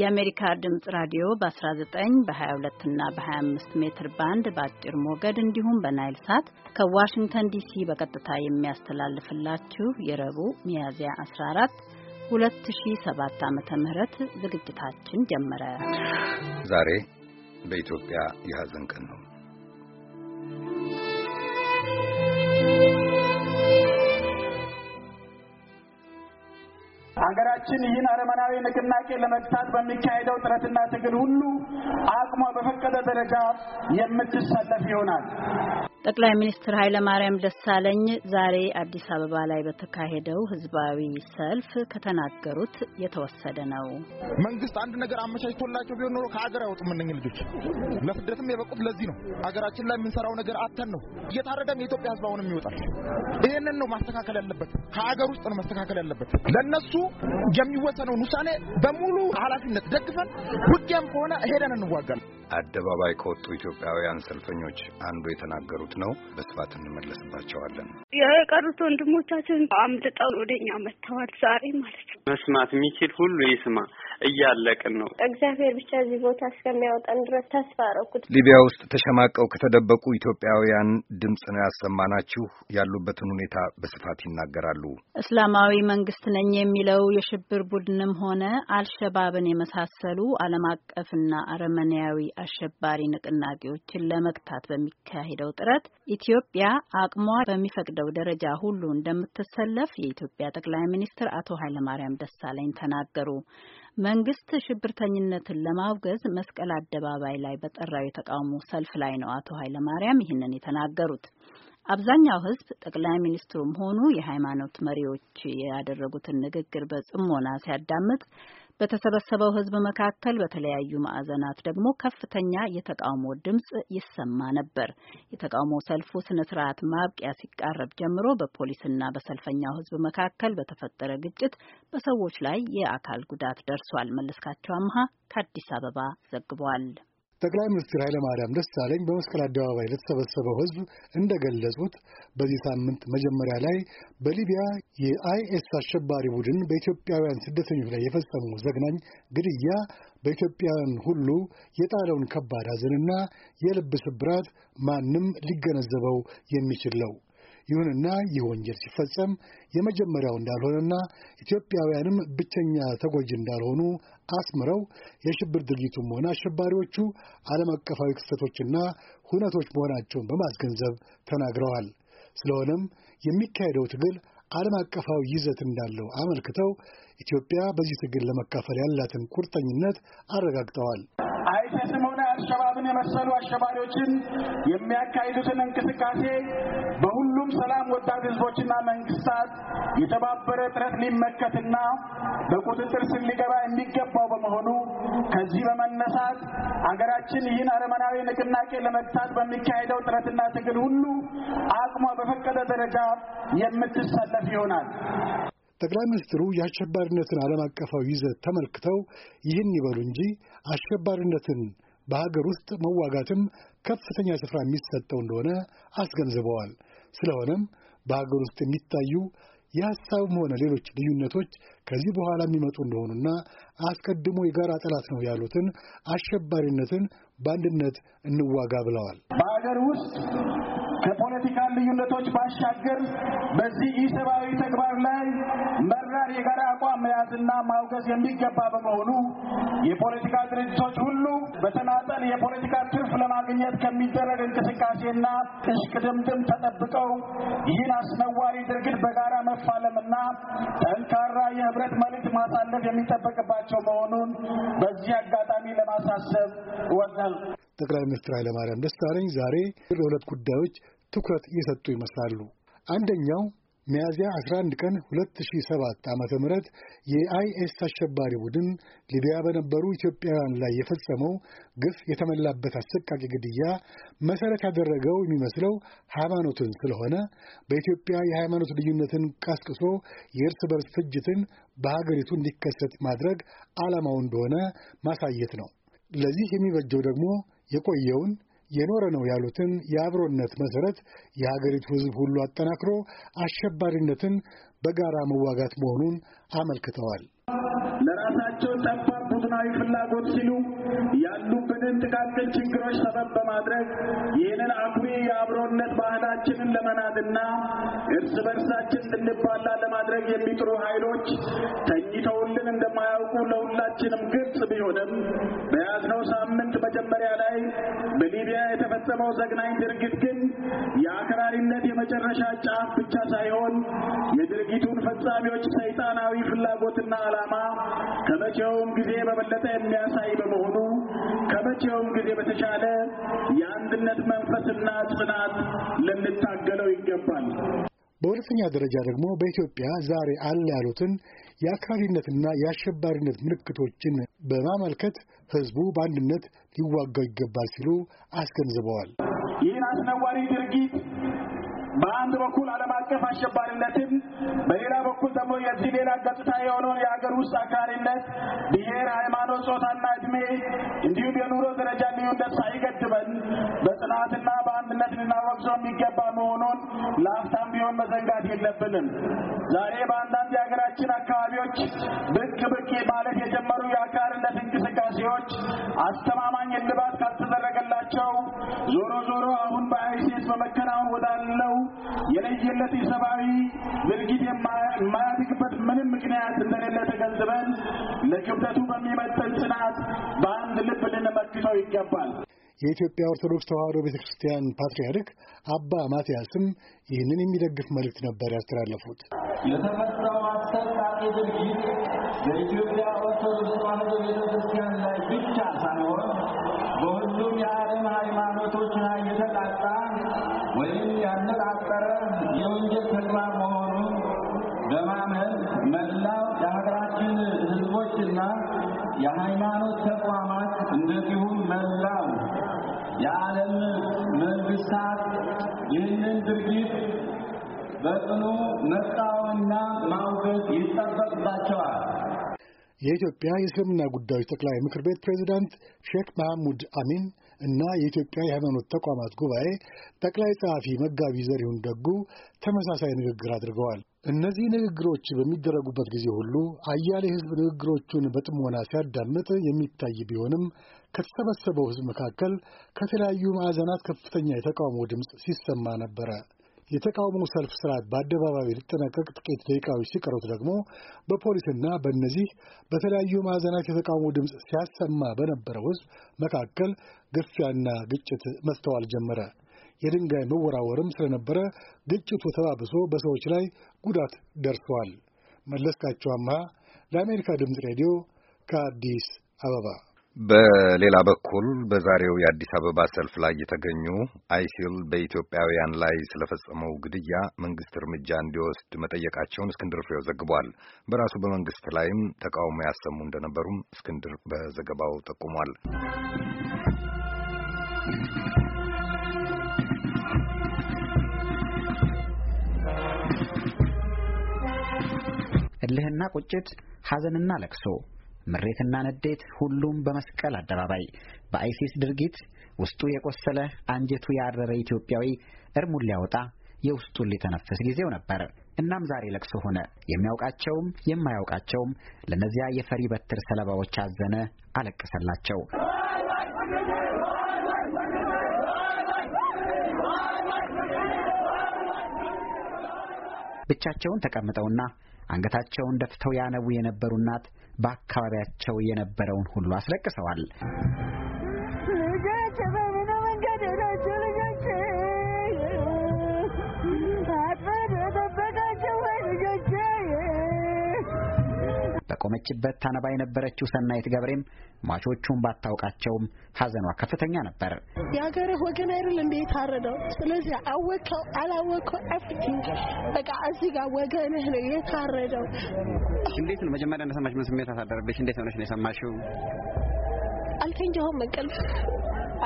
የአሜሪካ ድምጽ ራዲዮ በ19 በ22 እና በ25 ሜትር ባንድ በአጭር ሞገድ እንዲሁም በናይል ሳት ከዋሽንግተን ዲሲ በቀጥታ የሚያስተላልፍላችሁ የረቡዕ ሚያዝያ 14 2007 ም ዝግጅታችን ጀመረ። ዛሬ በኢትዮጵያ የሐዘን ቀን ነው። ሀገራችን ይህን አረመናዊ ንቅናቄ ለመግታት በሚካሄደው ጥረትና ትግል ሁሉ አቅሟ በፈቀደ ደረጃ የምትሰለፍ ይሆናል። ጠቅላይ ሚኒስትር ኃይለ ማርያም ደሳለኝ ዛሬ አዲስ አበባ ላይ በተካሄደው ህዝባዊ ሰልፍ ከተናገሩት የተወሰደ ነው። መንግስት አንድ ነገር አመቻችቶላቸው ቢሆን ኖሮ ከሀገር አይወጡም እነኝህ ልጆች። ለፍደትም የበቁት ለዚህ ነው። ሀገራችን ላይ የምንሰራው ነገር አተን ነው። እየታረደም የኢትዮጵያ ህዝብ አሁንም ይወጣል። ይህንን ነው ማስተካከል ያለበት። ከሀገር ውስጥ ነው ማስተካከል ያለበት። ለእነሱ የሚወሰነውን ውሳኔ በሙሉ ኃላፊነት ደግፈን ውጊያም ከሆነ ሄደን እንዋጋለን። አደባባይ ከወጡ ኢትዮጵያውያን ሰልፈኞች አንዱ የተናገሩ ያደረጉት ነው። በስፋት እንመለስባቸዋለን። የቀሩት ወንድሞቻችን አምልጠው ወደኛ መጥተዋል። ዛሬ ማለት ነው መስማት የሚችል ሁሉ ይስማ። እያለቅን ነው። እግዚአብሔር ብቻ እዚህ ቦታ እስከሚያወጣን ድረስ ተስፋ አረኩት። ሊቢያ ውስጥ ተሸማቀው ከተደበቁ ኢትዮጵያውያን ድምፅ ነው ያሰማናችሁ። ያሉበትን ሁኔታ በስፋት ይናገራሉ። እስላማዊ መንግስት ነኝ የሚለው የሽብር ቡድንም ሆነ አልሸባብን የመሳሰሉ ዓለም አቀፍና አረመኔያዊ አሸባሪ ንቅናቄዎችን ለመግታት በሚካሄደው ጥረት ኢትዮጵያ አቅሟ በሚፈቅደው ደረጃ ሁሉ እንደምትሰለፍ የኢትዮጵያ ጠቅላይ ሚኒስትር አቶ ኃይለማርያም ደሳለኝ ተናገሩ። መንግስት ሽብርተኝነትን ለማውገዝ መስቀል አደባባይ ላይ በጠራው የተቃውሞ ሰልፍ ላይ ነው አቶ ኃይለማርያም ይህንን የተናገሩት። አብዛኛው ህዝብ ጠቅላይ ሚኒስትሩም ሆኑ የሃይማኖት መሪዎች ያደረጉትን ንግግር በጽሞና ሲያዳምጥ በተሰበሰበው ህዝብ መካከል በተለያዩ ማዕዘናት ደግሞ ከፍተኛ የተቃውሞ ድምፅ ይሰማ ነበር። የተቃውሞ ሰልፉ ስነ ስርዓት ማብቂያ ሲቃረብ ጀምሮ በፖሊስና በሰልፈኛው ህዝብ መካከል በተፈጠረ ግጭት በሰዎች ላይ የአካል ጉዳት ደርሷል። መለስካቸው አምሃ ከአዲስ አበባ ዘግቧል። ጠቅላይ ሚኒስትር ኃይለማርያም ደሳለኝ በመስቀል አደባባይ ለተሰበሰበው ሕዝብ እንደገለጹት በዚህ ሳምንት መጀመሪያ ላይ በሊቢያ የአይኤስ አሸባሪ ቡድን በኢትዮጵያውያን ስደተኞች ላይ የፈጸመው ዘግናኝ ግድያ በኢትዮጵያውያን ሁሉ የጣለውን ከባድ ሐዘንና የልብ ስብራት ማንም ሊገነዘበው የሚችል ነው። ይሁንና ይህ ወንጀል ሲፈጸም የመጀመሪያው እንዳልሆነና ኢትዮጵያውያንም ብቸኛ ተጎጂ እንዳልሆኑ አስምረው የሽብር ድርጊቱም ሆነ አሸባሪዎቹ ዓለም አቀፋዊ ክስተቶችና ሁነቶች መሆናቸውን በማስገንዘብ ተናግረዋል። ስለሆነም የሚካሄደው ትግል ዓለም አቀፋዊ ይዘት እንዳለው አመልክተው ኢትዮጵያ በዚህ ትግል ለመካፈል ያላትን ቁርጠኝነት አረጋግጠዋል። አይሲስም ሆነ አልሸባብን የመሰሉ አሸባሪዎችን የሚያካሂዱትን እንቅስቃሴ በሁሉም ሰላም ወዳድ ህዝቦችና መንግስታት የተባበረ ጥረት ሊመከትና በቁጥጥር ስር ሊገባ የሚገባው በመሆኑ ከዚህ በመነሳት አገራችን ይህን አረመናዊ ንቅናቄ ለመግታት በሚካሄደው ጥረትና ትግል ሁሉ አቅሟ በፈቀደ ደረጃ የምትሰለፍ ይሆናል። ጠቅላይ ሚኒስትሩ የአሸባሪነትን ዓለም አቀፋዊ ይዘት ተመልክተው ይህን ይበሉ እንጂ አሸባሪነትን በሀገር ውስጥ መዋጋትም ከፍተኛ ስፍራ የሚሰጠው እንደሆነ አስገንዝበዋል። ስለሆነም በሀገር ውስጥ የሚታዩ የሀሳብም ሆነ ሌሎች ልዩነቶች ከዚህ በኋላ የሚመጡ እንደሆኑና አስቀድሞ የጋራ ጠላት ነው ያሉትን አሸባሪነትን በአንድነት እንዋጋ ብለዋል። በሀገር ውስጥ ከፖለቲካ ልዩነቶች ባሻገር በዚህ ኢሰብአዊ ተግባር ላይ መራር የጋራ አቋም መያዝና ማውገዝ የሚገባ በመሆኑ የፖለቲካ ድርጅቶች ሁሉ በተናጠል የፖለቲካ ትርፍ ለማግኘት ከሚደረግ እንቅስቃሴና እሽቅድምድም ተጠብቀው ይህን አስነዋሪ ድርጊት በጋራ መፋለምና ጠንካራ የህብረት መልዕክት ማሳለፍ የሚጠበቅባቸው መሆኑን በዚህ አጋጣሚ ለማሳሰብ እወዳለሁ። ጠቅላይ ሚኒስትር ኃይለማርያም ደሳለኝ ዛሬ ለሁለት ጉዳዮች ትኩረት እየሰጡ ይመስላሉ። አንደኛው ሚያዝያ 11 ቀን 2007 ዓ ም የአይኤስ አሸባሪ ቡድን ሊቢያ በነበሩ ኢትዮጵያውያን ላይ የፈጸመው ግፍ የተመላበት አሰቃቂ ግድያ መሠረት ያደረገው የሚመስለው ሃይማኖትን ስለሆነ በኢትዮጵያ የሃይማኖት ልዩነትን ቀስቅሶ የእርስ በርስ ፍጅትን በሀገሪቱ እንዲከሰት ማድረግ ዓላማው እንደሆነ ማሳየት ነው። ለዚህ የሚበጀው ደግሞ የቆየውን የኖረ ነው ያሉትን የአብሮነት መሠረት የሀገሪቱ ሕዝብ ሁሉ አጠናክሮ አሸባሪነትን በጋራ መዋጋት መሆኑን አመልክተዋል። ለራሳቸው ጠባብ ቡድናዊ ፍላጎት ሲሉ ያሉበት እነዚህን ጥቃቅን ችግሮች ሰበብ በማድረግ ይህንን አኩሪ የአብሮነት ባህላችንን ለመናድና እርስ በርሳችን እንባላ ለማድረግ የሚጥሩ ኃይሎች ተኝተውልን እንደማያውቁ ለሁላችንም ግልጽ ቢሆንም በያዝነው ሳምንት መጀመሪያ ላይ በሊቢያ የተፈጸመው ዘግናኝ ድርጊት ግን የአክራሪነት የመጨረሻ ጫፍ ብቻ ሳይሆን የድርጊቱን ፈጻሚዎች ሰይጣናዊ ፍላጎትና ዓላማ ከመቼውም ጊዜ በበለጠ የሚያሳይ በመሆኑ ከመቼውም ጊዜ በተሻለ የአንድነት መንፈስና ጽናት ልንታገለው ይገባል። በሁለተኛ ደረጃ ደግሞ በኢትዮጵያ ዛሬ አለ ያሉትን የአክራሪነትና የአሸባሪነት ምልክቶችን በማመልከት ሕዝቡ በአንድነት ሊዋጋው ይገባል ሲሉ አስገንዝበዋል። ይህን አስነዋሪ ድርጊት በአንድ በኩል ዓለም አቀፍ አሸባሪነትን፣ በሌላ በኩል ደግሞ የዚህ ሌላ ገጽታ የሆነውን የሀገር ውስጥ አክራሪነት፣ ብሔር፣ ሃይማኖት፣ ጾታና እድሜ እንዲሁም የኑሮ ደረጃ ግንኙነት ሳይገድበን በጽናትና በአንድነት ልናወግዘው የሚገባ መሆኑን ለአፍታም ቢሆን መዘንጋት የለብንም። ዛሬ በአንዳንድ የሀገራችን አካባቢዎች ብቅ ብቅ ማለት የጀመሩ የአክራሪነት እንቅስቃሴዎች አስተማማኝ እልባት ካልተደረገላቸው ዞሮ ዞሮ አሁን በአይሲስ በመከናወን ወዳለው የለየለት የሰብአዊ ድርጊት የማያድግበት ምንም ምክንያት እንደሌለ ተገንዝበን ለክብደቱ በሚመጠን ጽናት በአንድ ልብ ልናስበው ይገባል። የኢትዮጵያ ኦርቶዶክስ ተዋሕዶ ቤተ ክርስቲያን ፓትርያርክ አባ ማትያስም ይህንን የሚደግፍ መልእክት ነበር ያስተላለፉት። የተፈጸመው አሰቃቂ ድርጊት በኢትዮጵያ ኦርቶዶክስ ተዋሕዶ ቤተ ክርስቲያን ላይ ብቻ ሳይሆን በሁሉም የዓለም ሃይማኖቶች ላይ የተቃጣ ወይም ያነጣጠረ የወንጀል ተግባር መሆኑ በማመን መላው የሀገራችን ህዝቦችና የሃይማኖት ተቋማት እንደዚሁም መላው የዓለም መንግስታት ይህንን ድርጊት በጽኑ መቃወምና ማውገዝ ይጠበቅባቸዋል። የኢትዮጵያ የእስልምና ጉዳዮች ጠቅላይ ምክር ቤት ፕሬዚዳንት ሼክ መሐሙድ አሚን እና የኢትዮጵያ የሃይማኖት ተቋማት ጉባኤ ጠቅላይ ጸሐፊ መጋቢ ዘሪሁን ደጉ ተመሳሳይ ንግግር አድርገዋል። እነዚህ ንግግሮች በሚደረጉበት ጊዜ ሁሉ አያሌ ሕዝብ ንግግሮቹን በጥሞና ሲያዳምጥ የሚታይ ቢሆንም ከተሰበሰበው ሕዝብ መካከል ከተለያዩ ማዕዘናት ከፍተኛ የተቃውሞ ድምፅ ሲሰማ ነበረ። የተቃውሞ ሰልፍ ስርዓት በአደባባይ ሊጠናቀቅ ጥቂት ደቂቃዎች ሲቀሩት ደግሞ በፖሊስና በእነዚህ በተለያዩ ማዕዘናት የተቃውሞ ድምፅ ሲያሰማ በነበረው ሕዝብ መካከል ግፊያና ግጭት መስተዋል ጀመረ። የድንጋይ መወራወርም ስለነበረ ግጭቱ ተባብሶ በሰዎች ላይ ጉዳት ደርሷል። መለስካቸው ለአሜሪካ ድምፅ ሬዲዮ ከአዲስ አበባ። በሌላ በኩል በዛሬው የአዲስ አበባ ሰልፍ ላይ የተገኙ አይሲል በኢትዮጵያውያን ላይ ስለፈጸመው ግድያ መንግስት እርምጃ እንዲወስድ መጠየቃቸውን እስክንድር ፍሬው ዘግቧል። በራሱ በመንግስት ላይም ተቃውሞ ያሰሙ እንደነበሩም እስክንድር በዘገባው ጠቁሟል። እልህና ቁጭት፣ ሐዘንና ለቅሶ፣ ምሬትና ንዴት፣ ሁሉም በመስቀል አደባባይ በአይሲስ ድርጊት ውስጡ የቆሰለ አንጀቱ ያረረ ኢትዮጵያዊ እርሙን ሊያወጣ የውስጡን ሊተነፍስ ጊዜው ነበር። እናም ዛሬ ለቅሶ ሆነ። የሚያውቃቸውም የማያውቃቸውም ለእነዚያ የፈሪ በትር ሰለባዎች አዘነ፣ አለቀሰላቸው። ብቻቸውን ተቀምጠውና አንገታቸውን ደፍተው ያነቡ የነበሩ እናት በአካባቢያቸው የነበረውን ሁሉ አስለቅሰዋል። በቆመችበት ታነባ የነበረችው ሰናይት ገብሬም ሟቾቹን ባታውቃቸውም ሀዘኗ ከፍተኛ ነበር። የሀገርህ ወገን አይደል እንዴ የታረደው ስለዚህ አወቀው አላወቀው አፍቲ በቃ እዚህ ጋር ወገንህ ነው የታረደው። እንዴት ነው መጀመሪያ እንደሰማሽ ምን ስሜት አሳደረብሽ? እንዴት ሆነሽ ነው የሰማሽው? አልተኛሁም እንቅልፍ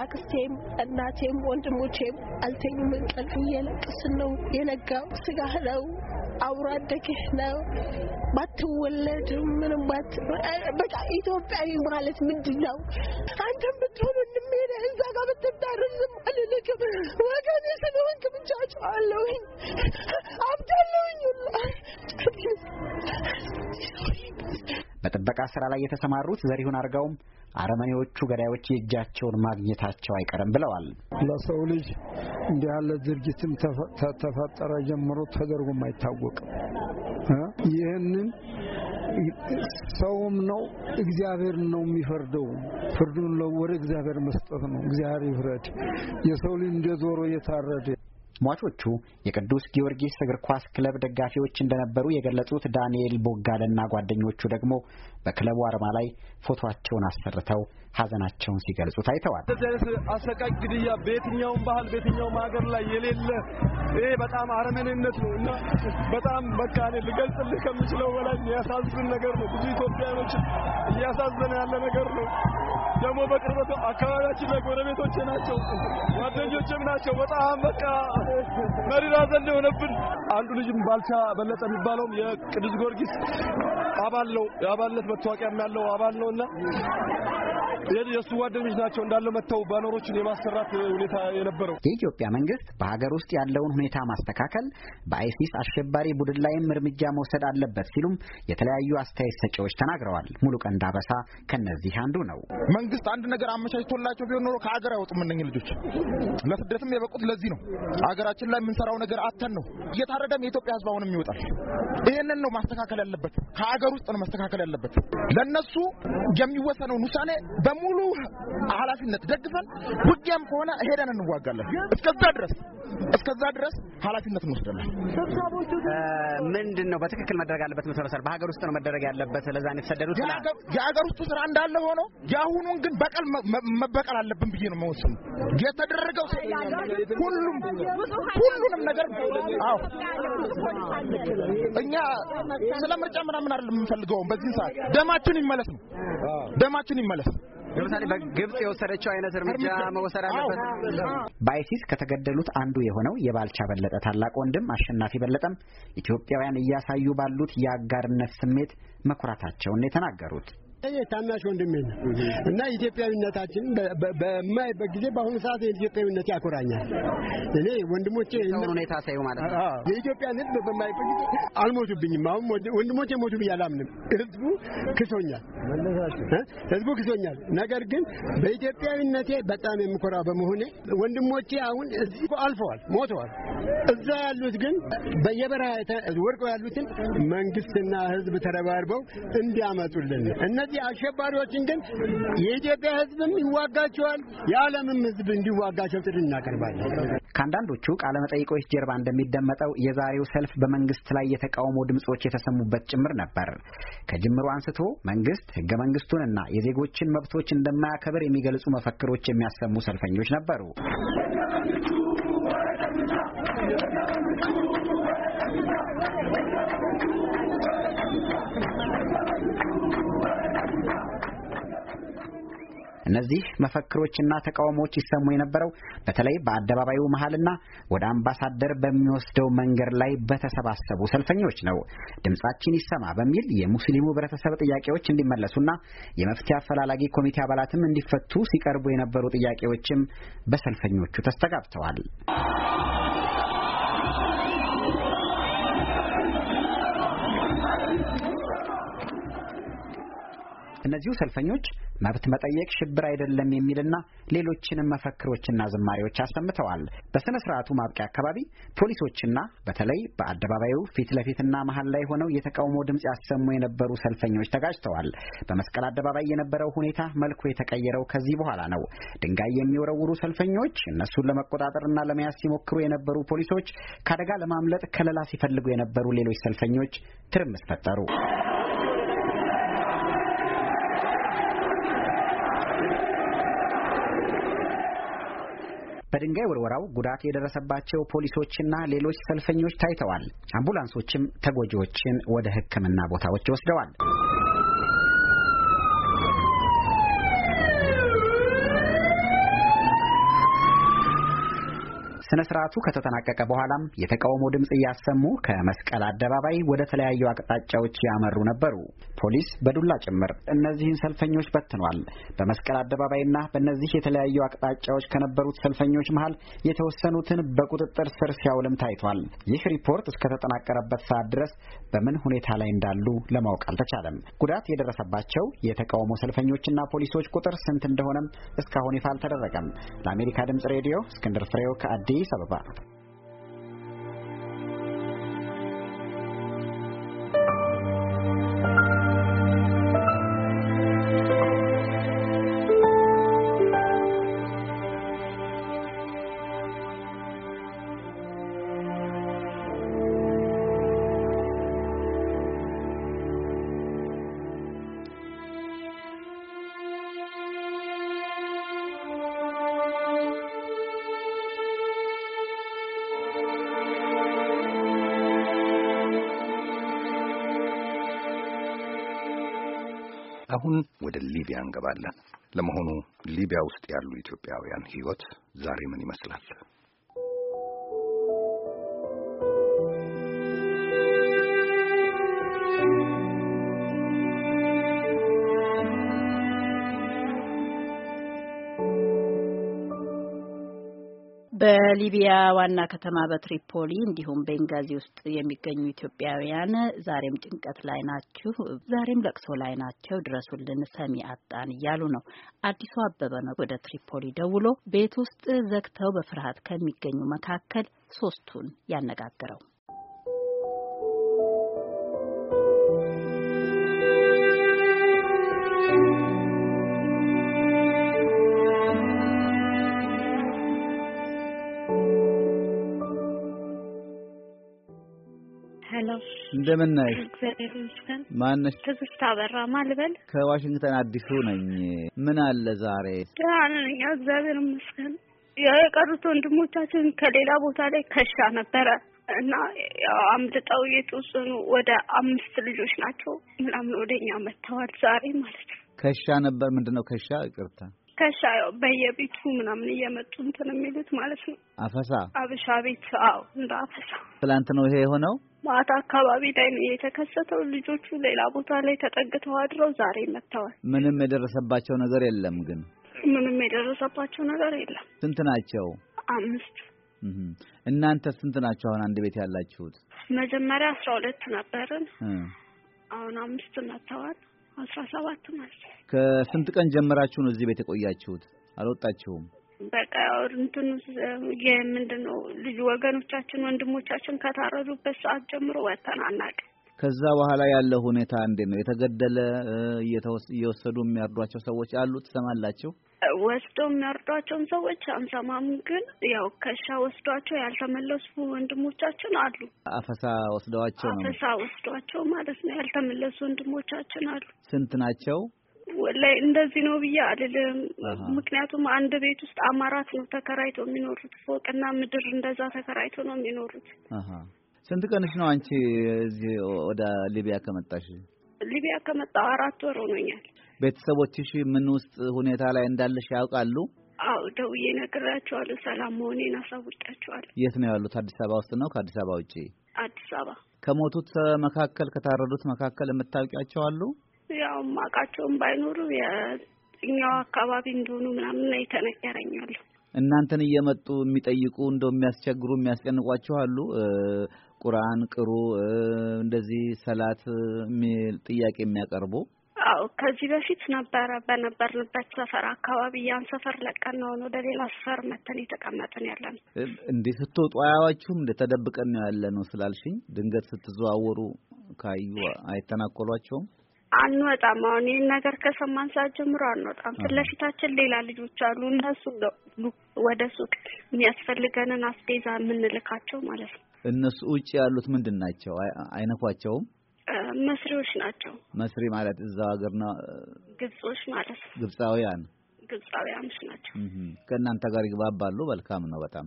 አክስቴም እናቴም ወንድሞቼም አልተኝም እንቅልፍ። እየለቅስን ነው የነጋው ስጋህ ነው አብሮ አደግህ ነው ባትወለድ ምንም ባት በቃ ኢትዮጵያዊ ማለት ምንድን ነው አንተም ብትሆን እዛ ጋር አልልክም። ወገኔ ስለሆንክ አብዳለሁኝ ሁላ በጥበቃ ስራ ላይ የተሰማሩት ዘሪሁን አርጋውም አረመኔዎቹ ገዳዮች የእጃቸውን ማግኘታቸው አይቀርም ብለዋል። ለሰው ልጅ እንዲህ ያለ ድርጊትም ተፈጠረ ጀምሮ ተደርጎም አይታወቅም። ይህንን ሰውም ነው እግዚአብሔር ነው የሚፈርደው። ፍርዱን ወደ እግዚአብሔር መስጠት ነው። እግዚአብሔር ይፍረድ። የሰው ልጅ እንደ ዞሮ የታረደ ሟቾቹ የቅዱስ ጊዮርጊስ እግር ኳስ ክለብ ደጋፊዎች እንደነበሩ የገለጹት ዳንኤል ቦጋለና ጓደኞቹ ደግሞ በክለቡ አርማ ላይ ፎቶአቸውን አሰርተው ሀዘናቸውን ሲገልጹ ታይተዋል። እንደዚህ አይነት አሰቃቂ ግድያ በየትኛውም ባህል በየትኛውም ሀገር ላይ የሌለ ይሄ በጣም አረመኔነት ነው እና በጣም በቃ እኔ ልገልጽልህ ከምችለው በላይ የሚያሳዝን ነገር ነው። ብዙ ኢትዮጵያኖችን እያሳዘነ ያለ ነገር ነው። ደግሞ በቅርበት አካባቢያችን ላይ ጎረቤቶቼ ናቸው፣ ጓደኞቼም ናቸው። በጣም በቃ መሪራ ዘንድ የሆነብን አንዱ ልጅም ባልቻ በለጠ የሚባለውም የቅዱስ ጊዮርጊስ አባል ነው፣ የአባልነት መታወቂያም ያለው አባል ነው እና? የእሱ ጓደኞች ናቸው እንዳለ መጥተው ባነሮችን የማሰራት ሁኔታ የነበረው። የኢትዮጵያ መንግስት በሀገር ውስጥ ያለውን ሁኔታ ማስተካከል፣ በአይሲስ አሸባሪ ቡድን ላይም እርምጃ መውሰድ አለበት ሲሉም የተለያዩ አስተያየት ሰጪዎች ተናግረዋል። ሙሉቀን ዳበሳ ከነዚህ አንዱ ነው። መንግስት አንድ ነገር አመቻችቶላቸው ቢሆን ኖሮ ከሀገር አይወጡም እነኝህ ልጆች። ለስደትም የበቁት ለዚህ ነው። ሀገራችን ላይ የምንሰራው ነገር አተን ነው። እየታረደም የኢትዮጵያ ህዝብ አሁንም ይወጣል። ይህንን ነው ማስተካከል ያለበት። ከሀገር ውስጥ ነው ማስተካከል ያለበት። ለእነሱ የሚወሰነውን ውሳኔ በሙሉ ኃላፊነት ደግፈን ውጊያም ከሆነ ሄደን እንዋጋለን። እስከዛ ድረስ እስከዛ ድረስ ኃላፊነት እንወስዳለን። ምንድን ነው በትክክል መደረግ አለበት? መሰረሰር በሀገር ውስጥ ነው መደረግ ያለበት። ለዛ ነው የተሰደዱት። የሀገር ውስጡ ስራ እንዳለ ሆኖ የአሁኑን ግን በቀል መበቀል አለብን ብዬ ነው መወስኑ የተደረገው ሁሉም ሁሉንም ነገር አዎ፣ እኛ ስለ ምርጫ ምናምን አይደለም የምንፈልገው በዚህ ሰዓት ደማችን ይመለስ ነው። ደማችን ይመለስ ለምሳሌ በግብጽ የወሰደችው አይነት እርምጃ መወሰድ አለበት። በአይሲስ ከተገደሉት አንዱ የሆነው የባልቻ በለጠ ታላቅ ወንድም አሸናፊ በለጠም ኢትዮጵያውያን እያሳዩ ባሉት የአጋርነት ስሜት መኩራታቸውን የተናገሩት ታናሽ ወንድሜ ነው እና ኢትዮጵያዊነታችን በማይበት ጊዜ በአሁኑ ሰዓት የኢትዮጵያዊነት ያኮራኛል። እኔ ወንድሞቼ ሁኔታ ሳይ ማለት ነው የኢትዮጵያን ሕዝብ በማይበት ጊዜ አልሞቱብኝም። አሁን ወንድሞቼ ሞቱ ብዬ አላምንም። ሕዝቡ ክሶኛል፣ ሕዝቡ ክሶኛል። ነገር ግን በኢትዮጵያዊነቴ በጣም የምኮራ በመሆኔ ወንድሞቼ አሁን እዚህ አልፈዋል፣ ሞተዋል። እዛ ያሉት ግን በየበረሃ ወርቀው ያሉትን መንግስትና ሕዝብ ተረባርበው እንዲያመጡልን እነ እነዚህ አሸባሪዎችን ግን የኢትዮጵያ ሕዝብም ይዋጋቸዋል፣ የዓለምም ሕዝብ እንዲዋጋቸው ጥሪ እናቀርባለን። ከአንዳንዶቹ ቃለ መጠይቆች ጀርባ እንደሚደመጠው የዛሬው ሰልፍ በመንግስት ላይ የተቃውሞ ድምጾች የተሰሙበት ጭምር ነበር። ከጅምሩ አንስቶ መንግስት ህገ መንግስቱንና የዜጎችን መብቶች እንደማያከብር የሚገልጹ መፈክሮች የሚያሰሙ ሰልፈኞች ነበሩ። እነዚህ መፈክሮችና ተቃውሞዎች ይሰሙ የነበረው በተለይ በአደባባዩ መሀልና ወደ አምባሳደር በሚወስደው መንገድ ላይ በተሰባሰቡ ሰልፈኞች ነው። ድምጻችን ይሰማ በሚል የሙስሊሙ ህብረተሰብ ጥያቄዎች እንዲመለሱና የመፍትሄ አፈላላጊ ኮሚቴ አባላትም እንዲፈቱ ሲቀርቡ የነበሩ ጥያቄዎችም በሰልፈኞቹ ተስተጋብተዋል። እነዚሁ ሰልፈኞች መብት መጠየቅ ሽብር አይደለም የሚልና ሌሎችንም መፈክሮችና ዝማሪዎች አሰምተዋል። በሥነ ስርዓቱ ማብቂያ አካባቢ ፖሊሶችና በተለይ በአደባባዩ ፊት ለፊትና መሀል ላይ ሆነው የተቃውሞ ድምፅ ያሰሙ የነበሩ ሰልፈኞች ተጋጭተዋል። በመስቀል አደባባይ የነበረው ሁኔታ መልኩ የተቀየረው ከዚህ በኋላ ነው። ድንጋይ የሚወረውሩ ሰልፈኞች፣ እነሱን ለመቆጣጠርና ለመያዝ ሲሞክሩ የነበሩ ፖሊሶች፣ ከአደጋ ለማምለጥ ከለላ ሲፈልጉ የነበሩ ሌሎች ሰልፈኞች ትርምስ ፈጠሩ። በድንጋይ ወርወራው ጉዳት የደረሰባቸው ፖሊሶችና ሌሎች ሰልፈኞች ታይተዋል። አምቡላንሶችም ተጎጂዎችን ወደ ሕክምና ቦታዎች ወስደዋል። ስነ ስርዓቱ ከተጠናቀቀ በኋላም የተቃውሞ ድምፅ እያሰሙ ከመስቀል አደባባይ ወደ ተለያዩ አቅጣጫዎች ያመሩ ነበሩ። ፖሊስ በዱላ ጭምር እነዚህን ሰልፈኞች በትኗል። በመስቀል አደባባይና በእነዚህ የተለያዩ አቅጣጫዎች ከነበሩት ሰልፈኞች መሀል የተወሰኑትን በቁጥጥር ስር ሲያውልም ታይቷል። ይህ ሪፖርት እስከተጠናቀረበት ሰዓት ድረስ በምን ሁኔታ ላይ እንዳሉ ለማወቅ አልተቻለም። ጉዳት የደረሰባቸው የተቃውሞ ሰልፈኞችና ፖሊሶች ቁጥር ስንት እንደሆነም እስካሁን ይፋ አልተደረገም። ለአሜሪካ ድምጽ ሬዲዮ እስክንድር ፍሬው ከአዲስ 你怎么办？አሁን ወደ ሊቢያ እንገባለን። ለመሆኑ ሊቢያ ውስጥ ያሉ ኢትዮጵያውያን ሕይወት ዛሬ ምን ይመስላል? ሊቢያ ዋና ከተማ በትሪፖሊ እንዲሁም ቤንጋዚ ውስጥ የሚገኙ ኢትዮጵያውያን ዛሬም ጭንቀት ላይ ናችሁ፣ ዛሬም ለቅሶ ላይ ናቸው፣ ድረሱልን፣ ሰሚ አጣን እያሉ ነው። አዲሱ አበበ ነው ወደ ትሪፖሊ ደውሎ ቤት ውስጥ ዘግተው በፍርሃት ከሚገኙ መካከል ሶስቱን ያነጋግረው። እንደምን ነሽ? እግዚአብሔር ይመስገን። ማን ነሽ? ትዝታ በራ ማልበል ከዋሽንግተን አዲሱ ነኝ። ምን አለ ዛሬ? ደህና ነኝ እግዚአብሔር ይመስገን። ያው የቀሩት ወንድሞቻችን ከሌላ ቦታ ላይ ከሻ ነበረ እና ያው አምልጠው የተወሰኑ ወደ አምስት ልጆች ናቸው ምናምን ወደኛ መጥተዋል ዛሬ ማለት ነው። ከሻ ነበር ምንድን ነው ከሻ? ይቅርታ ከሻ ያው በየቤቱ ምናምን እየመጡ እንትን የሚሉት ማለት ነው። አፈሳ አብሻ ቤት። አዎ እንደ አፈሳ። ትላንት ነው ይሄ የሆነው። ማታ አካባቢ ላይ ነው የተከሰተው። ልጆቹ ሌላ ቦታ ላይ ተጠግተው አድረው ዛሬ መጥተዋል። ምንም የደረሰባቸው ነገር የለም ግን ምንም የደረሰባቸው ነገር የለም። ስንት ናቸው? አምስት። እናንተ ስንት ናቸው አሁን አንድ ቤት ያላችሁት? መጀመሪያ አስራ ሁለት ነበርን። አሁን አምስት መጥተዋል። አስራ ሰባት ናቸው። ከስንት ቀን ጀምራችሁ ነው እዚህ ቤት የቆያችሁት? አልወጣችሁም? በቃ እንትን የምንድን ነው ወገኖቻችን ወንድሞቻችን ከታረዱበት ሰዓት ጀምሮ ወጥተን አናውቅም። ከዛ በኋላ ያለው ሁኔታ እንዴት ነው? የተገደለ እየወሰዱ የሚያርዷቸው ሰዎች አሉ ትሰማላችሁ? ወስደው የሚያርዷቸውን ሰዎች አንሰማም፣ ግን ያው ከሻ ወስዷቸው ያልተመለሱ ወንድሞቻችን አሉ። አፈሳ ወስደዋቸው ነው አፈሳ ወስዷቸው ማለት ነው። ያልተመለሱ ወንድሞቻችን አሉ። ስንት ናቸው? ላይ እንደዚህ ነው ብዬ አልልም። ምክንያቱም አንድ ቤት ውስጥ አማራት ነው ተከራይቶ የሚኖሩት ፎቅና ምድር እንደዛ ተከራይቶ ነው የሚኖሩት። ስንት ቀንሽ ነው አንቺ እዚህ ወደ ሊቢያ ከመጣሽ? ሊቢያ ከመጣ አራት ወር ሆኖኛል። ቤተሰቦችሽ ምን ውስጥ ሁኔታ ላይ እንዳለሽ ያውቃሉ? አው ደውዬ ነግራቸዋለሁ። ሰላም መሆኔን አሳውቂያቸዋለሁ። የት ነው ያሉት? አዲስ አበባ ውስጥ ነው ከአዲስ አበባ ውጪ? አዲስ አበባ። ከሞቱት መካከል ከታረዱት መካከል የምታውቂያቸው አሉ? ያው ማቃቸውም ባይኖሩ የትኛው አካባቢ እንደሆኑ ምናምን ይተነገረኛሉ። እናንተን እየመጡ የሚጠይቁ እንደው የሚያስቸግሩ የሚያስጨንቋችሁ አሉ? ቁርአን ቅሩ፣ እንደዚህ ሰላት የሚል ጥያቄ የሚያቀርቡ አዎ፣ ከዚህ በፊት ነበረ። በነበርንበት ሰፈር አካባቢ ያን ሰፈር ለቀን ነው ወደ ሌላ ሰፈር መተን የተቀመጥን ያለ ነው። እንዲህ ስትወጡ አያዋችሁም? እንደ ተደብቀን ነው ያለ ነው ስላልሽኝ፣ ድንገት ስትዘዋወሩ ካዩ አይተናኮሏቸውም? አንወጣም። አሁን ይህን ነገር ከሰማን ሰዓት ጀምሮ አንወጣም። ፊት ለፊታችን ሌላ ልጆች አሉ። እነሱ ወደ ሱቅ የሚያስፈልገንን አስቤዛ የምንልካቸው ማለት ነው። እነሱ ውጭ ያሉት ምንድን ናቸው? አይነኳቸውም? መስሪዎች ናቸው። መስሪ ማለት እዛው ሀገር ነው። ግብጾች ማለት ግብጻውያን ግብጻውያኖች ናቸው። ከእናንተ ጋር ይግባባሉ። መልካም ነው። በጣም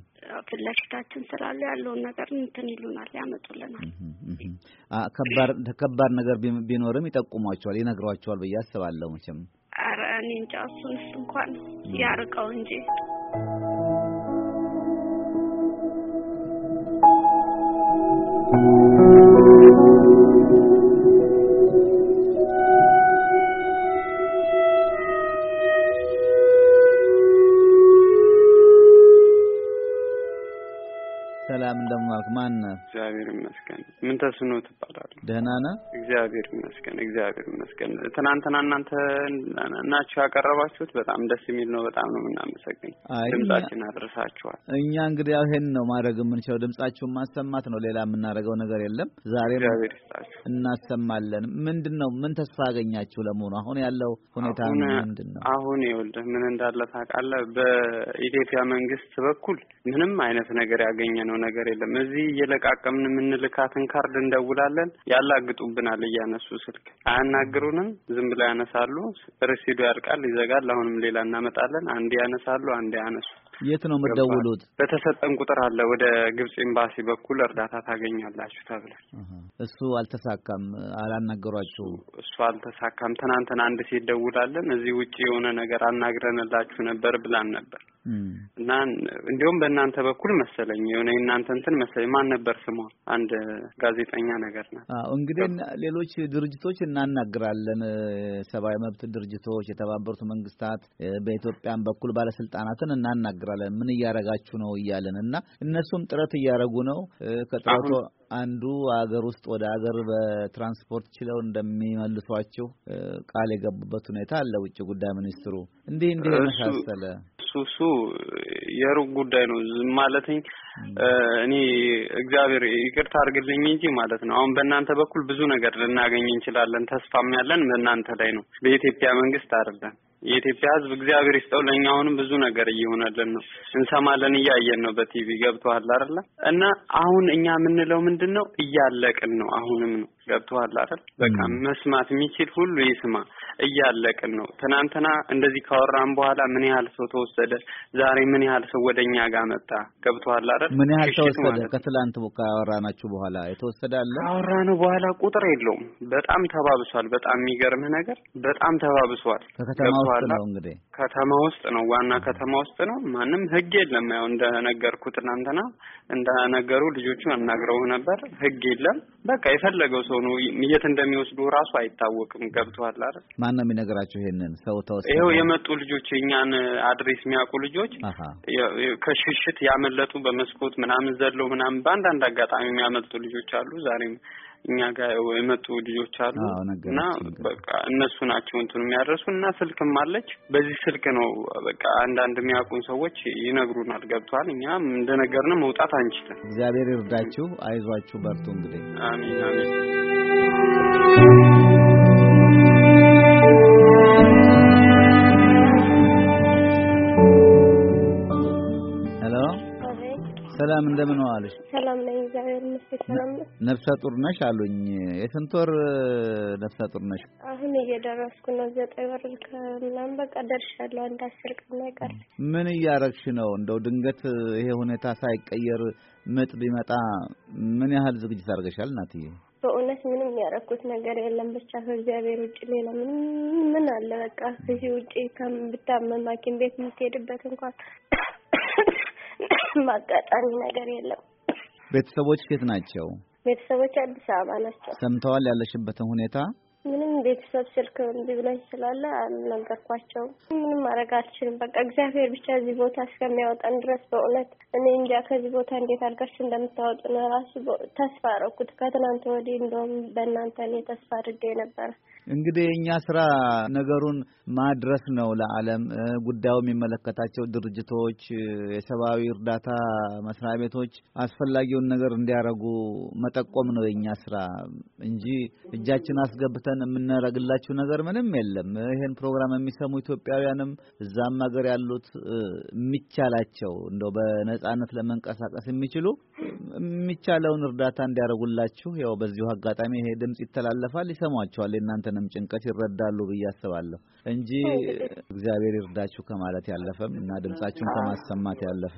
ፊት ለፊታችን ስላለ ያለውን ነገር እንትን ይሉናል፣ ያመጡልናል። ከባድ ነገር ቢኖርም ይጠቁሟቸዋል፣ ይነግሯቸዋል ብዬ አስባለሁ። መቼም ኧረ እኔ እንጃ እሱን እሱ እንኳን ያርቀው እንጂ ሰላም እንደምናልክ ማን ነህ? እግዚአብሔር ይመስገን። ምን ተስኖ ትባላለህ? ደህና ነህ? እግዚአብሔር ይመስገን። እግዚአብሔር ይመስገን። ትናንትና እናንተ ናችሁ ያቀረባችሁት በጣም ደስ የሚል ነው። በጣም ነው የምናመሰግን። ድምጻችን አድርሳችኋል። እኛ እንግዲህ ያው ይሄን ነው ማድረግ የምንችለው፣ ድምጻችሁን ማሰማት ነው። ሌላ የምናደርገው ነገር የለም። ዛሬ እግዚአብሔር ይስጣችሁ እናሰማለን። ምንድን ነው ምን ተስፋ አገኛችሁ? ለመሆኑ አሁን ያለው ሁኔታ ምንድን ነው? አሁን ይኸውልህ ምን እንዳለ ታውቃለህ? በኢትዮጵያ መንግስት በኩል ምንም አይነት ነገር ያገኘ ነው ነገር ነገር የለም። እዚህ እየለቃቀምን የምንልካትን ካርድ እንደውላለን፣ ያላግጡብናል። እያነሱ ስልክ አያናግሩንም፣ ዝም ብለው ያነሳሉ። ርሲዱ ያልቃል፣ ይዘጋል። አሁንም ሌላ እናመጣለን። አንዴ ያነሳሉ፣ አንዴ ያነሱ። የት ነው የምደውሉት? በተሰጠን ቁጥር አለ። ወደ ግብጽ ኤምባሲ በኩል እርዳታ ታገኛላችሁ ተብለን እሱ አልተሳካም። አላናገሯችሁ? እሱ አልተሳካም። ትናንትና አንድ ሴት ደውላለን፣ እዚህ ውጭ የሆነ ነገር አናግረንላችሁ ነበር ብላን ነበር እና እንዲሁም በእናንተ በኩል መሰለኝ የሆነ የእናንተ እንትን መሰለኝ ማን ነበር ስሟ አንድ ጋዜጠኛ ነገር ናት። እንግዲህ ሌሎች ድርጅቶች እናናግራለን፣ ሰብአዊ መብት ድርጅቶች፣ የተባበሩት መንግስታት፣ በኢትዮጵያን በኩል ባለስልጣናትን እናናግራለን ምን እያደረጋችሁ ነው እያለን እና እነሱም ጥረት እያረጉ ነው ከጥረቱ አንዱ አገር ውስጥ ወደ አገር በትራንስፖርት ችለው እንደሚመልሷቸው ቃል የገቡበት ሁኔታ አለ። ውጭ ጉዳይ ሚኒስትሩ እንዲህ እንዲህ መሳሰለ እሱ የሩቅ ጉዳይ ነው። ዝም ማለትኝ እኔ እግዚአብሔር ይቅርታ አድርግልኝ እንጂ ማለት ነው። አሁን በእናንተ በኩል ብዙ ነገር ልናገኝ እንችላለን። ተስፋም ያለን በእናንተ ላይ ነው፣ በኢትዮጵያ መንግስት አይደለም። የኢትዮጵያ ህዝብ እግዚአብሔር ይስጠው ለእኛ አሁንም ብዙ ነገር እየሆነልን ነው። እንሰማለን፣ እያየን ነው በቲቪ ገብቶሃል አይደለ? እና አሁን እኛ የምንለው ምንድን ነው? እያለቅን ነው። አሁንም ነው ገብቶሃል አይደል? በቃ መስማት የሚችል ሁሉ ይስማ። እያለቅን ነው። ትናንትና እንደዚህ ካወራን በኋላ ምን ያህል ሰው ተወሰደ? ዛሬ ምን ያህል ሰው ወደኛ ጋር መጣ? ገብቶሃል አይደል? ምን ያህል ተወሰደ? ከትላንት ካወራናችሁ በኋላ የተወሰደ አለ? ካወራነው በኋላ ቁጥር የለውም። በጣም ተባብሷል። በጣም የሚገርምህ ነገር በጣም ተባብሷል። ከከተማ ውስጥ ነው እንግዲህ ከተማ ውስጥ ነው፣ ዋና ከተማ ውስጥ ነው። ማንም ህግ የለም። ያው እንደነገርኩ ትናንትና እንደነገሩ ልጆቹ አናግረው ነበር። ህግ የለም። በቃ የፈለገው ሰው ነው የት እንደሚወስዱ ራሱ አይታወቅም። ገብቶሃል አይደል? ማን ነው የሚነግራቸው? ይሄንን ሰው ተወሰነ። ይኸው የመጡ ልጆች የእኛን አድሬስ የሚያውቁ ልጆች ከሽሽት ያመለጡ በመስኮት ምናምን ዘለው ምናምን በአንዳንድ አጋጣሚ የሚያመልጡ ልጆች አሉ። ዛሬም እኛ ጋር የመጡ ልጆች አሉ እና በቃ እነሱ ናቸው እንትን የሚያደርሱ እና ስልክም አለች። በዚህ ስልክ ነው በቃ አንዳንድ የሚያውቁን ሰዎች ይነግሩናል። ገብቷል። እኛ እንደነገርን መውጣት አንችልም። እግዚአብሔር ይርዳችሁ፣ አይዟችሁ፣ በርቱ። እንግዲህ አሚን አሚን። ነፍሰ ጡር ነሽ አሉኝ። የስንት ወር ነፍሰ ጡር ነሽ? አሁን እየደረስኩ ነው። ዘጠኝ ወር ከምናምን በቃ ደርሻለሁ። አንድ አስር ቀን አይቀር። ምን እያረግሽ ነው? እንደው ድንገት ይሄ ሁኔታ ሳይቀየር ምጥ ቢመጣ ምን ያህል ዝግጅት አድርገሻል እናትዬ? በእውነት ምንም ያደረኩት ነገር የለም። ብቻ ከእግዚአብሔር ውጭ ሌላ ምን አለ? በቃ ከዚህ ውጭ ብታመም ሐኪም ቤት የምትሄድበት እንኳን ማጋጣሚ ነገር የለም። ቤተሰቦች ሴት ናቸው? ቤተሰቦች አዲስ አበባ ናቸው። ሰምተዋል ያለሽበትን ሁኔታ? ምንም ቤተሰብ ስልክ እምቢ ብላኝ ስላለ አልነገርኳቸው። ምንም ማድረግ አልችልም። በቃ እግዚአብሔር ብቻ እዚህ ቦታ እስከሚያወጣን ድረስ በእውነት እኔ እንጃ ከዚህ ቦታ እንዴት አድርጋችሁ ነው ራሱ ተስፋ አረኩት ከትናንት ወዲህ እንደውም በእናንተ እኔ ተስፋ አድርጌ ነበረ። እንግዲህ የእኛ ስራ ነገሩን ማድረስ ነው ለዓለም ጉዳዩ የሚመለከታቸው ድርጅቶች፣ የሰብአዊ እርዳታ መስሪያ ቤቶች አስፈላጊውን ነገር እንዲያደርጉ መጠቆም ነው የእኛ ስራ እንጂ እጃችን አስገብተን መልሰን የምናደርግላችሁ ነገር ምንም የለም። ይሄን ፕሮግራም የሚሰሙ ኢትዮጵያውያንም እዛም ሀገር ያሉት የሚቻላቸው እንደው በነጻነት ለመንቀሳቀስ የሚችሉ የሚቻለውን እርዳታ እንዲያደርጉላችሁ ያው በዚሁ አጋጣሚ ይሄ ድምጽ ይተላለፋል፣ ይሰሟቸዋል፣ የእናንተንም ጭንቀት ይረዳሉ ብዬ አስባለሁ እንጂ እግዚአብሔር ይርዳችሁ ከማለት ያለፈም እና ድምጻችሁን ከማሰማት ያለፈ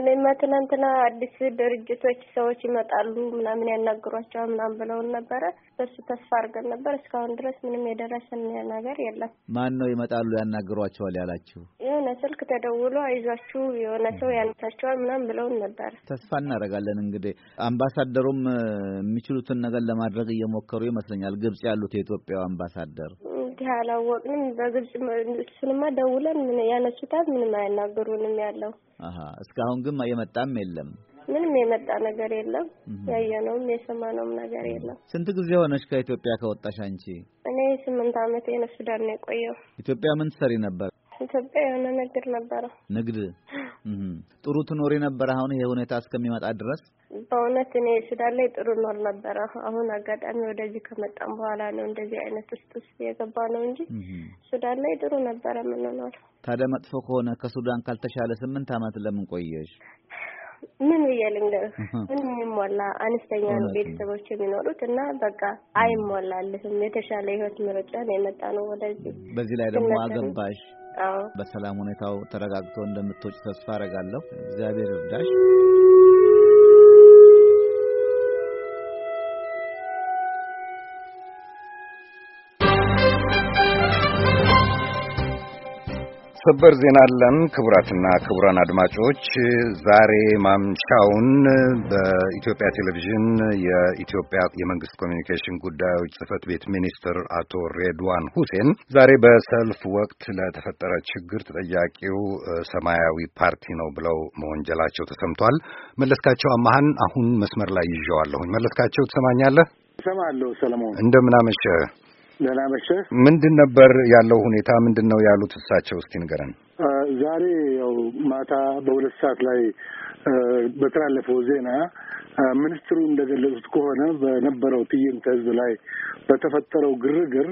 እኔማ ትናንትና አዲስ ድርጅቶች ሰዎች ይመጣሉ ምናምን ያናግሯቸዋል ምናምን ብለውን ነበረ። በሱ ተስፋ አድርገን ነበር። እስካሁን ድረስ ምንም የደረሰን ነገር የለም። ማን ነው ይመጣሉ ያናግሯቸዋል ያላችሁ? የሆነ ስልክ ተደውሎ አይዟችሁ የሆነ ሰው ያነሳቸዋል ምናም ብለውን ነበር። ተስፋ እናደርጋለን እንግዲህ አምባሳደሩም የሚችሉትን ነገር ለማድረግ እየሞከሩ ይመስለኛል። ግብጽ ያሉት የኢትዮጵያው አምባሳደር እንዲህ አላወቅንም። በግብጽ እሱንማ ደውለን ያነሱታል ምንም አያናግሩንም ያለው እስካሁን ግን የመጣም የለም ምንም የመጣ ነገር የለም። ያየነውም የሰማነውም ነገር የለም። ስንት ጊዜ ሆነሽ ከኢትዮጵያ ከወጣሽ አንቺ? እኔ ስምንት አመት ነው ሱዳን ነው የቆየው። ኢትዮጵያ ምን ትሰሪ ነበር? ኢትዮጵያ የሆነ ንግድ ነበረ። ንግድ ጥሩ ትኖሪ ነበር? አሁን ይሄ ሁኔታ እስከሚመጣ ድረስ በእውነት እኔ ሱዳን ላይ ጥሩ ኖር ነበረ። አሁን አጋጣሚ ወደዚህ ከመጣም በኋላ ነው እንደዚህ አይነት ውስጥ ውስጥ የገባ ነው እንጂ ሱዳን ላይ ጥሩ ነበረ የምንኖር። ታዲያ መጥፎ ከሆነ ከሱዳን ካልተሻለ ስምንት ዓመት ለምን ቆየሽ? ምን ብዬ ልንገርህ፣ ምንም የሚሟላ አነስተኛ ነው ቤተሰቦች የሚኖሩት እና በቃ አይሟላልህም። የተሻለ ህይወት ምርጫን የመጣ ነው ወደዚህ። በዚህ ላይ ደግሞ አገንባሽ በሰላም ሁኔታው ተረጋግቶ እንደምትወጭ ተስፋ አረጋለሁ። እግዚአብሔር እርዳሽ። ሰበር ዜና አለን። ክቡራትና ክቡራን አድማጮች ዛሬ ማምሻውን በኢትዮጵያ ቴሌቪዥን የኢትዮጵያ የመንግስት ኮሚኒኬሽን ጉዳዮች ጽህፈት ቤት ሚኒስትር አቶ ሬድዋን ሁሴን ዛሬ በሰልፍ ወቅት ለተፈጠረ ችግር ተጠያቂው ሰማያዊ ፓርቲ ነው ብለው መወንጀላቸው ተሰምቷል። መለስካቸው አማሃን አሁን መስመር ላይ ይዣዋለሁኝ። መለስካቸው ትሰማኛለህ? እሰማለሁ ሰለሞን። እንደምን አመሸህ? ደህና መሸህ። ምንድን ነበር ያለው ሁኔታ? ምንድን ነው ያሉት እሳቸው? እስቲ ንገረን። ዛሬ ያው ማታ በሁለት ሰዓት ላይ በተላለፈው ዜና ሚኒስትሩ እንደገለጹት ከሆነ በነበረው ትዕይንተ ህዝብ ላይ በተፈጠረው ግርግር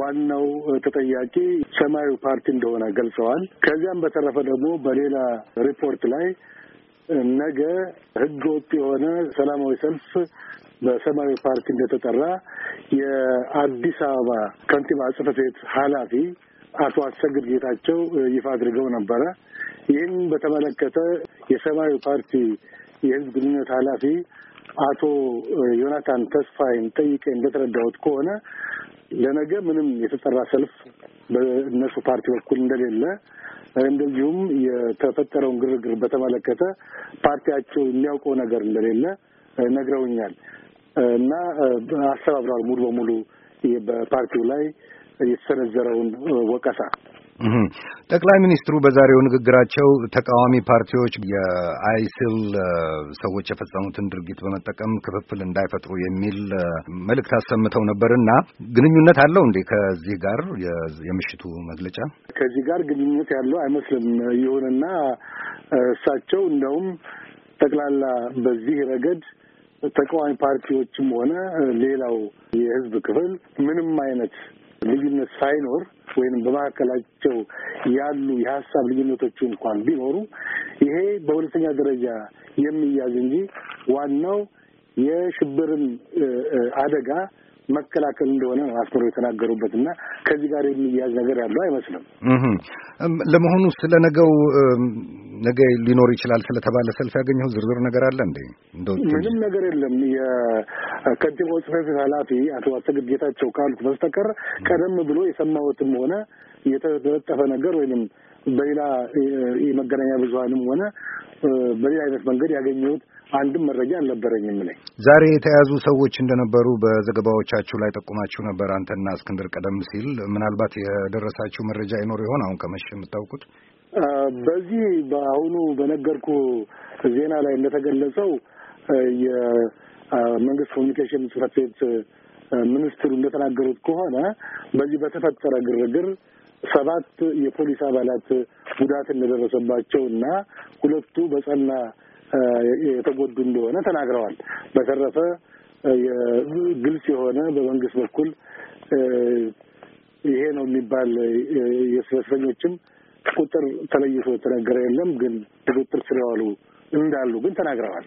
ዋናው ተጠያቂ ሰማያዊ ፓርቲ እንደሆነ ገልጸዋል። ከዚያም በተረፈ ደግሞ በሌላ ሪፖርት ላይ ነገ ህገ ወጥ የሆነ ሰላማዊ ሰልፍ በሰማያዊ ፓርቲ እንደተጠራ የአዲስ አበባ ከንቲባ ጽህፈት ቤት ኃላፊ አቶ አሰግድ ጌታቸው ይፋ አድርገው ነበረ። ይህን በተመለከተ የሰማያዊ ፓርቲ የህዝብ ግንኙነት ኃላፊ አቶ ዮናታን ተስፋይን ጠይቄ እንደተረዳሁት ከሆነ ለነገ ምንም የተጠራ ሰልፍ በእነሱ ፓርቲ በኩል እንደሌለ እንደዚሁም የተፈጠረውን ግርግር በተመለከተ ፓርቲያቸው የሚያውቀው ነገር እንደሌለ ነግረውኛል። እና አስተባብረዋል ሙሉ በሙሉ በፓርቲው ላይ የተሰነዘረውን ወቀሳ። ጠቅላይ ሚኒስትሩ በዛሬው ንግግራቸው ተቃዋሚ ፓርቲዎች የአይስል ሰዎች የፈጸሙትን ድርጊት በመጠቀም ክፍፍል እንዳይፈጥሩ የሚል መልእክት አሰምተው ነበር እና ግንኙነት አለው እንዴ ከዚህ ጋር የምሽቱ መግለጫ? ከዚህ ጋር ግንኙነት ያለው አይመስልም። ይሁንና እሳቸው እንደውም ጠቅላላ በዚህ ረገድ ተቃዋሚ ፓርቲዎችም ሆነ ሌላው የህዝብ ክፍል ምንም አይነት ልዩነት ሳይኖር ወይም በመካከላቸው ያሉ የሀሳብ ልዩነቶች እንኳን ቢኖሩ ይሄ በሁለተኛ ደረጃ የሚያዝ እንጂ ዋናው የሽብርን አደጋ መከላከል እንደሆነ አስምሮ የተናገሩበት እና ከዚህ ጋር የሚያዝ ነገር ያለው አይመስልም። ለመሆኑ ስለ ነገው ነገ ሊኖር ይችላል ስለተባለ ሰልፍ ያገኘው ዝርዝር ነገር አለ እንዴ? ምንም ነገር የለም። የከንቲባው ጽሕፈት ቤት ኃላፊ አቶ አሰግድ ጌታቸው ካሉት በስተቀር ቀደም ብሎ የሰማሁትም ሆነ የተለጠፈ ነገር ወይም በሌላ የመገናኛ ብዙሀንም ሆነ በሌላ አይነት መንገድ ያገኘሁት አንድም መረጃ አልነበረኝም። ላይ ዛሬ የተያዙ ሰዎች እንደነበሩ በዘገባዎቻችሁ ላይ ጠቁማችሁ ነበር፣ አንተና እስክንድር ቀደም ሲል። ምናልባት የደረሳችሁ መረጃ ይኖር ይሆን? አሁን ከመሸ የምታውቁት? በዚህ በአሁኑ በነገርኩ ዜና ላይ እንደተገለጸው የመንግስት ኮሚኒኬሽን ጽሕፈት ቤት ሚኒስትሩ እንደተናገሩት ከሆነ በዚህ በተፈጠረ ግርግር ሰባት የፖሊስ አባላት ጉዳት እንደደረሰባቸው እና ሁለቱ በጸና የተጎዱ እንደሆነ ተናግረዋል። በተረፈ ግልጽ የሆነ በመንግስት በኩል ይሄ ነው የሚባል የስደተኞችም ቁጥር ተለይቶ የተነገረ የለም። ግን ቁጥጥር ስር የዋሉ እንዳሉ ግን ተናግረዋል።